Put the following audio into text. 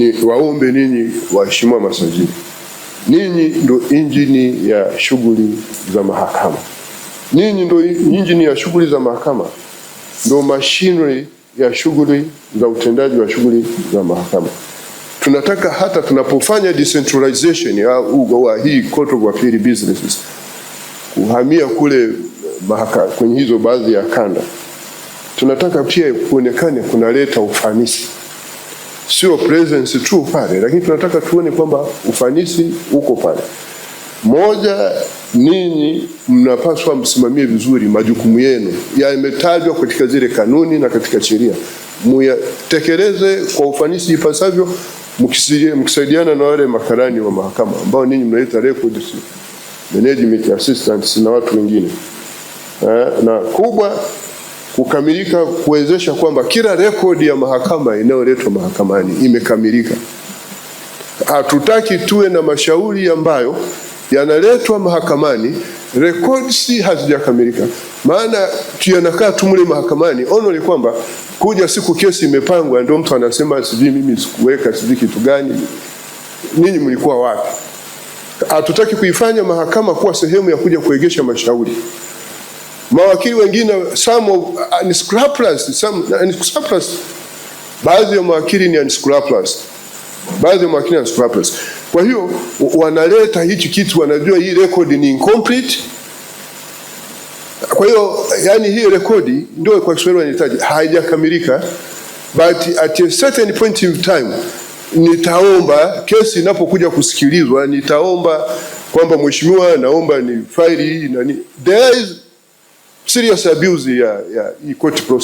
Ni waombe ninyi waheshimiwa masajili, ninyi ndo injini ya shughuli za mahakama, ninyi ndo injini ya shughuli za mahakama, ndo machinery ya shughuli za utendaji wa shughuli za mahakama. Tunataka hata tunapofanya decentralization ya ugawa hii court of appeal businesses kuhamia kule mahaka, kwenye hizo baadhi ya kanda, tunataka pia kuonekane kunaleta ufanisi sio presence tu pale, lakini tunataka tuone kwamba ufanisi uko pale. Moja, ninyi mnapaswa msimamie vizuri majukumu yenu, yametajwa katika zile kanuni na katika sheria, muyatekeleze kwa ufanisi ipasavyo, mkisaidiana na wale makarani wa mahakama ambao ninyi mnaita record management assistants na watu wengine eh, na kubwa kukamilika kuwezesha kwamba kila rekodi ya mahakama inayoletwa mahakamani imekamilika. Hatutaki tuwe na mashauri ambayo yanaletwa mahakamani rekodi si hazijakamilika, maana yanakaa tu mle mahakamani. Ono ni kwamba kuja siku kesi imepangwa, ndio mtu anasema sijui mimi sikuweka sijui kitu gani, ninyi mlikuwa wapi? Hatutaki kuifanya mahakama kuwa sehemu ya kuja kuegesha mashauri. Mawakili wengine some of, uh, unscrupulous, some unscrupulous. Baadhi ya mawakili ni unscrupulous. Baadhi ya mawakili ni unscrupulous. Kwa hiyo wanaleta hichi kitu, wanajua hii rekodi ni incomplete. Kwa hiyo yani, hii rekodi ndio kwa Kiswahili wanahitaji haijakamilika, but at a certain point in time nitaomba kesi inapokuja kusikilizwa, nitaomba kwamba mheshimiwa, naomba ni faili hii nani, there is seria essa abuse e, a, e, a,